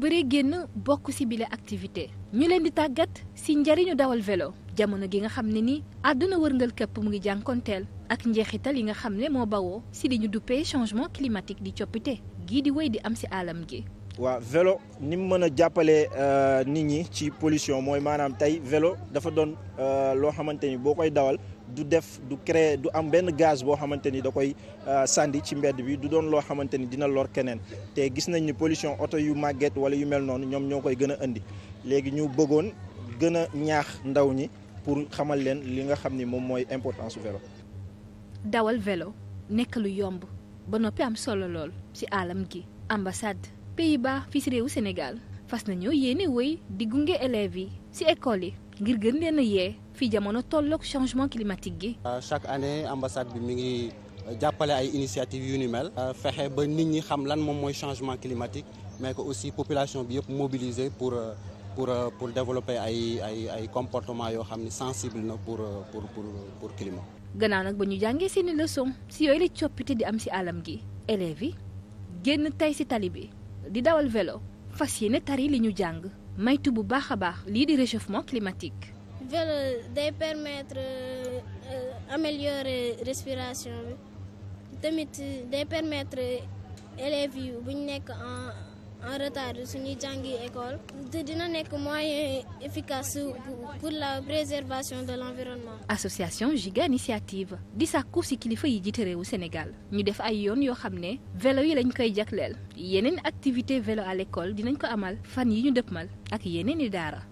bëree génn bokk ci bile activité ñu leen di tàggat ci njariñu dawal velo jamono gi nga xam ne ni àdduna wërngal képp mu ngi jànkonteel ak njeexital yi nga xam ne moo bawoo ci li ñu duppee changement climatique di coppite gii di wéy di am ci alam gi waaw velo ni mu mën a jàppalee euh, nit ñi ci pollution mooy maanaam tey velo dafa doon euh, loo xamante ni boo koy dawal du def du créer du am benn gaz boo xamante ni da koy euh, sànni ci mbedd bi du doon loo xamante ni dina loor keneen te gis nañ ni pollution oto yu màgget wala yu mel noonu ñoom ñoo koy gën a indi léegi ñu bëggoon gën a ñaax ndaw ñi pour xamal leen li nga xam ni moom mooy importance velo dawal velo nekk lu yomb ba noppi am solo lool ci alam gi ambassade. Pays-Bas fii ci réewu Sénégal fas nañoo yéene wéy di gunge élèves yi ci école yi ngir gën leen a yee fii jamono tolloog changement climatique gi. Euh, chaque année ambassade bi mi ngi jàppale ay initiative yu ni mel. Euh, fexe ba nit ñi xam lan moom mooy changement climatique mais que aussi population bi yëpp mobiliser pour euh, pour pour développer ay ay ay comportement yoo xam ne sensible na pour pour pour pour climat. gannaaw nag ba ñu jàngee seeni leçon ci yooyu la coppite di am ci alam gi élèves yi génn tey ci tali bi. di dawal velo fas yi yéene tari li ñu jàng maytu bu baax a baax lii di réchauffement climatique. vélo day permettre euh, améliorer respiration bi tamit day permettre élèves yi bu ñu nekk en. en retard suñuy jàngi école te dina nekk moyen efficace pour la préservation de l'environnement association Giga Initiative di sàkku si kilifa yi jiite réewu Sénégal ñu def ay yoon yoo xam ne vélo yi lañ koy jagleel yeneen activité vélo à l'école dinañ ko amal fan yi ñu dëppmal ak yeneen i daara